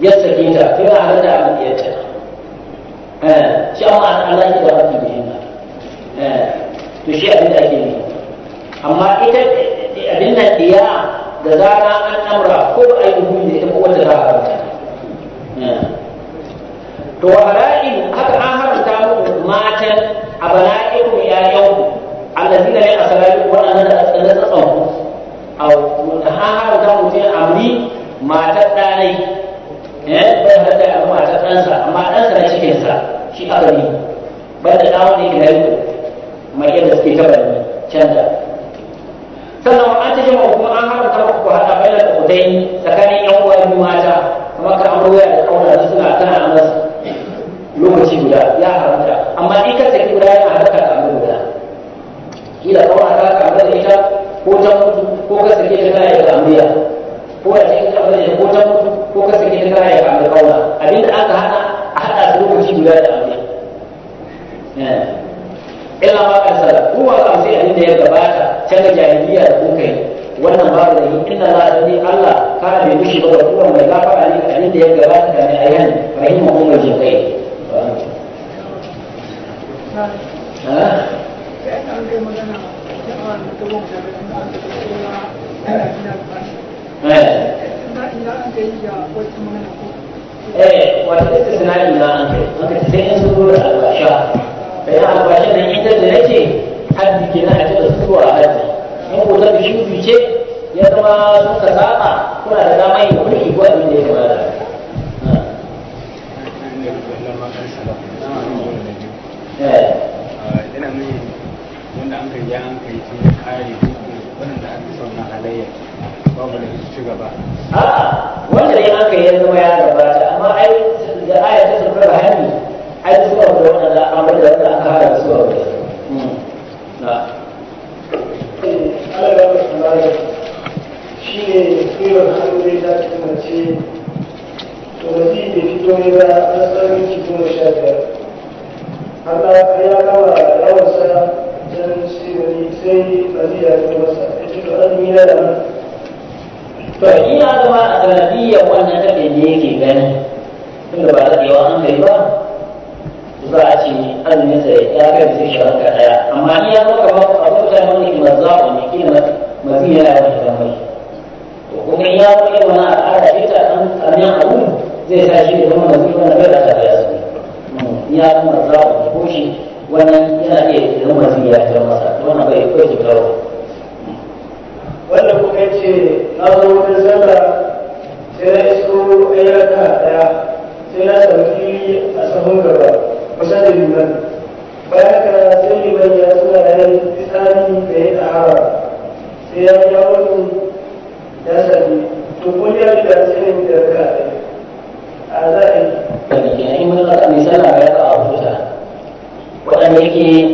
ya sake ta sai a da da amurkiyarta Eh, shi amma an Allah ya ba eh, to shi abin da ake yi amma ita abin nan diya da zara an amra ko ba a yi rubutu da ita ko wanda za a haramta eh. to wa hara'in haka an haramta muku matan a bana'in mu yayanku allazina ya asalalu wannan da tsatsan ku a an haramta mutum amri ɗanai amma na cikinsa shi aka bayan da dawo ne gina yanzu mai yadda suke taba ne canza sannan wa ta jama'a kuma an haɗa ta ku haɗa bayan da kudai tsakanin yan uwa biyu mata kuma ka an ruwa da kauna su suna tana a masu lokaci guda ya haramta amma in ka tafi guda yana haɗa ka amur guda da kauna ta ka amur da ita ko ta mutu ko ka saki ta kana ya amuriya ko da ta ita ko ta mutu ko ka saki ta kana ya amur kauna abinda aka haɗa haɗa lokaci guda da aure eh. ina ba ka sara kuma ka sai abin da ya gabata ta ga jahiliya da kuka yi wannan babu da inna la ilaha Allah ka bai mushi ba kuma mai gafara ne abin da ya gabata da mai ayyan rahimahu wa jinkai Eh. eh. eh wata da istisna'in na an kai an ta sai in sun zo da albasha bayan albashin nan ita da nake haddi kenan a cikin su zuwa haddi in ko ta bishi ce ya zama suka saba kuna da dama yin mulki ko abin da ya kamata eh. ina mai wanda an kai ya an kai sun kare duk wanda aka sauna halayya a wanda in aka yi zama ya gabata amma ai da aya ta sauka da hannu ai zuwa da wannan abin da wannan aka hada zuwa da shi ne kiran hannu da ta mace to mazi da fito ne ba a tsarin ki goma sha biyar haka ya kama yawansa don sai wani sai mazi ya fito masa ya ce to an yi yana to ina zama a sanadiyyar wannan take ne yake gani tunda ba za yi wa an kai ba za a ce azumin sai ya kai sai shi ranka daya amma ni ya zama kamar abu da mun yi mazawo ne kina mazin yana da zamai to kuma ya zama irin wannan al'ada ita an tsanin abu zai tashi da zama mazi wani bai da ta da yasu ya zama hmm, a ne ko shi wannan yana iya zama mazi ya ta masa wannan bai kai shi kawai wanda kuka ce na zo wurin sallah sai na iso ta daya sai na sauki a sahun gaba kusa da liman bayan ka sai liman ya suna da yin tsani da ya ta'ara sai ya yi yawon ya sami to kun ya fi da sai da raka a za a yi. Misali ya ka a waɗanda yake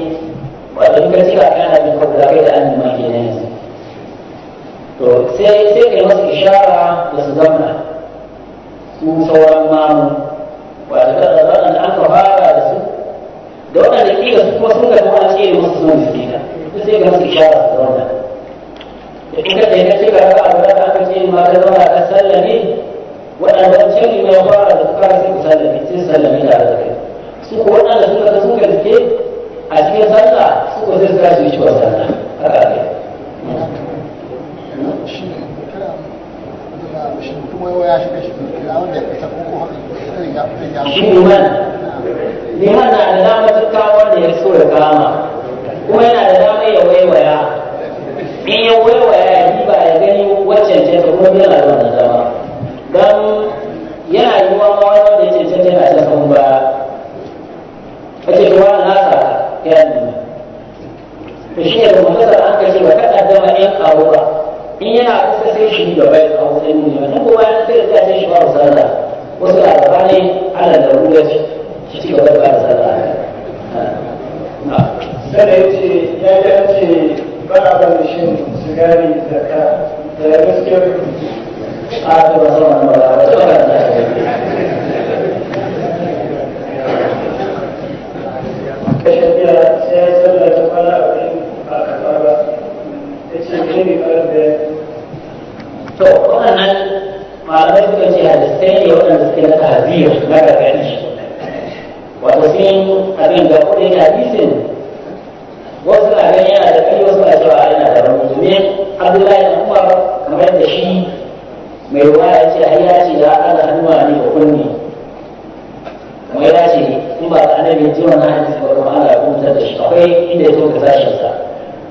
inda ya sauka sashensa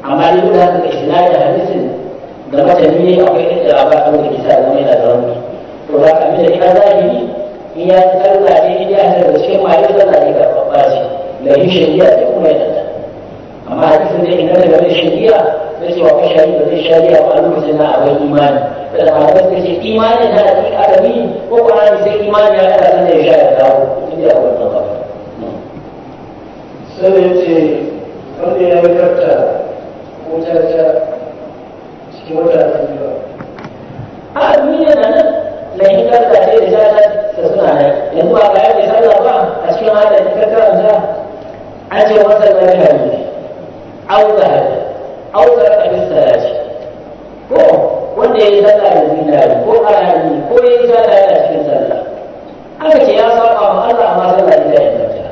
amma duk da haka isnadin hadisin da matani ne akwai inda a ba a wani kisa da mai da rauni to ba ka da ina zahiri in ya ci sarka ne in ya sarka cikin mali da zai karɓaɓɓa ce da yi shari'a ce kuma ya da amma hadisin da ina daga mai shari'a zai ce wa kai shari'a zai shari'a ba a lokacin na abin imani da da malamai ce imani na da ɗin adami ko kuma na sai imani ya kada sanar ya sha ya kawo inda ya kwanta ba. sai ya ce wanda ya yi karta ko jaja cikin a da jaja da suna nan yanzu ba ga yadda sallah ba a cikin halin da karanta an ce masa na kari ne auza auza kabin salati ko wanda ya yi sallah da zinari ko arani ko ya yi sallah da cikin sallah aka ce ya saba ma Allah amma sallah ita da ta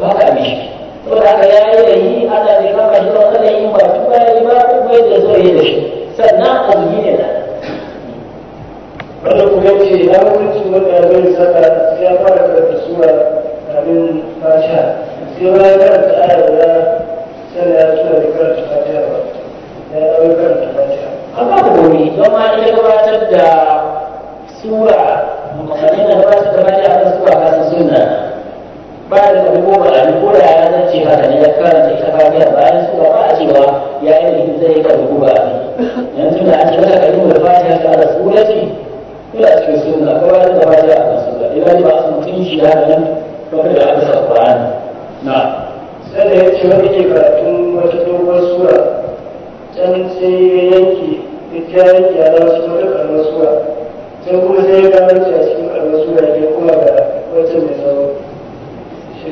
ba ka mishi so da aka ya yi da yi ana da kama shi da wani yi ba tuba ya yi ba tuba ya zo ya da shi sannan azumi ne na wanda kuma ce ya mutu wanda ya zai saka ya fara karanta sura abin fasha sai wani karanta ayar da sai ya tura da karanta fatiha ba ya ɗauki karanta fasha. an ba ku gobe don ma ita gabatar da sura mutane na gabatar da fatiha kan sura kasu sunna ba da tafi ba malami ko da ya zan ce haka ne ya karanta ita fatiha bayan sura ba a cewa ya yi rikin zai yi karbi ba a yanzu da ake mata kalmi da fatiha ta da sura ce ina cikin sunna kawai da fatiha a kan sura idan ba su mutum shi da nan kuma da aka sa qur'ani na sai da ya ce wani ke karatun wata doguwar sura can sai yanke ita yanke a nan cikin wata karamar sura sai kuma sai ya gano a cikin karamar sura ya kuma ga wata mai tsawo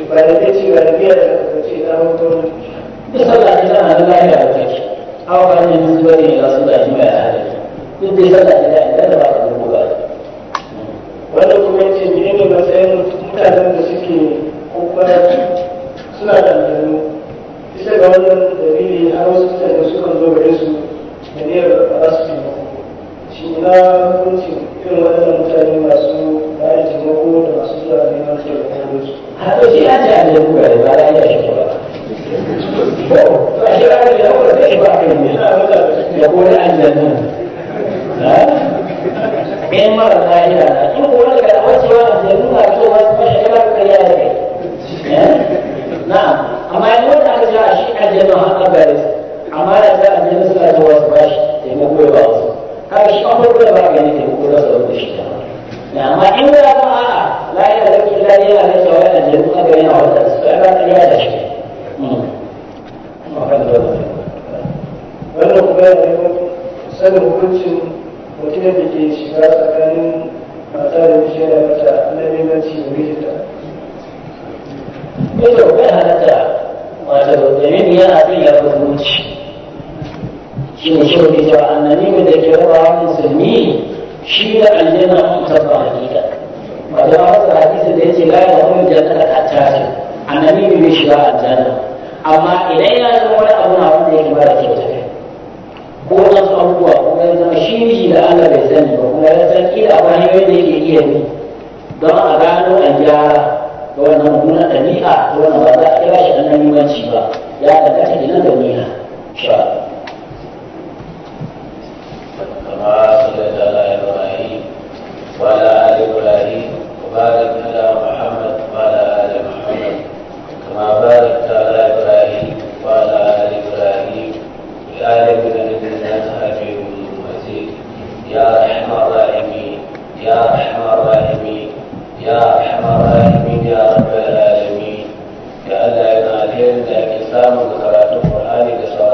ba da zai ci ba da biya da ka ce na hoto duk sallah ta tana da lafiya da kake awa ne yin su ne ya su da ji mai adalci duk dai sallah ta da da ba ka dubo ba wanda kuma yace ne ne matsayin mutanen da suke kokarin suna da aljanu bisa ga wannan dalili har wasu mutane sukan zo gare su da ne ba su taimako shi ina hukuncin irin waɗannan mutane masu bayan taimako da masu zuwa neman taimako da su a to shi ya ce an yi buga da ba ya shi ba ko ba shi ba da ko da shi ba da ne da ko da an yi nan in mara ta yi na in ko da ka wace wa da nuna ko ba su shi ba da ya ne na amma in wanda aka ja shi aljanna har abada amma da ta aljanna suna da wasu ba shi taimako ba wasu kaga la yana da illa yana da cewa yana da kuma ga yana wata su ba da shi wannan kuma yana da sanin hukuncin mutumin da ke shiga tsakanin mata da mijiyar da mata na nemanci da mijinta. Ito eh bai halatta wato domin ya abin ya hukunci shi ne shi ne cewa annani da ke raba musulmi shi da aljanna ta ba hakika ba da masa hadisin da yace la ya kun jannata hatta annabi ne mai shiga aljanna amma idan ya zama wani abu na da yake ba da kyauta kai ko wasu abubuwa ko ya zama shi shi da Allah bai sani ba kuma ya san kila abu hanyoyin da yake iya ni. don a gano a gyara da wannan mummunan ɗabi'a da wannan ba za a kira shi annabi manci ba ya ta danganta gidan da niyya sha كما صليت على ابراهيم وعلى ال ابراهيم وبارك على محمد وعلى آل محمد كما باركت على إبراهيم وعلى آل إبراهيم في العالمين إنك حميد مجيد يا أرحم الراحمين يا أرحم الراحمين يا أرحم الراحمين يا رب العالمين يا الله ينادينا كسام قراءة القرآن كسام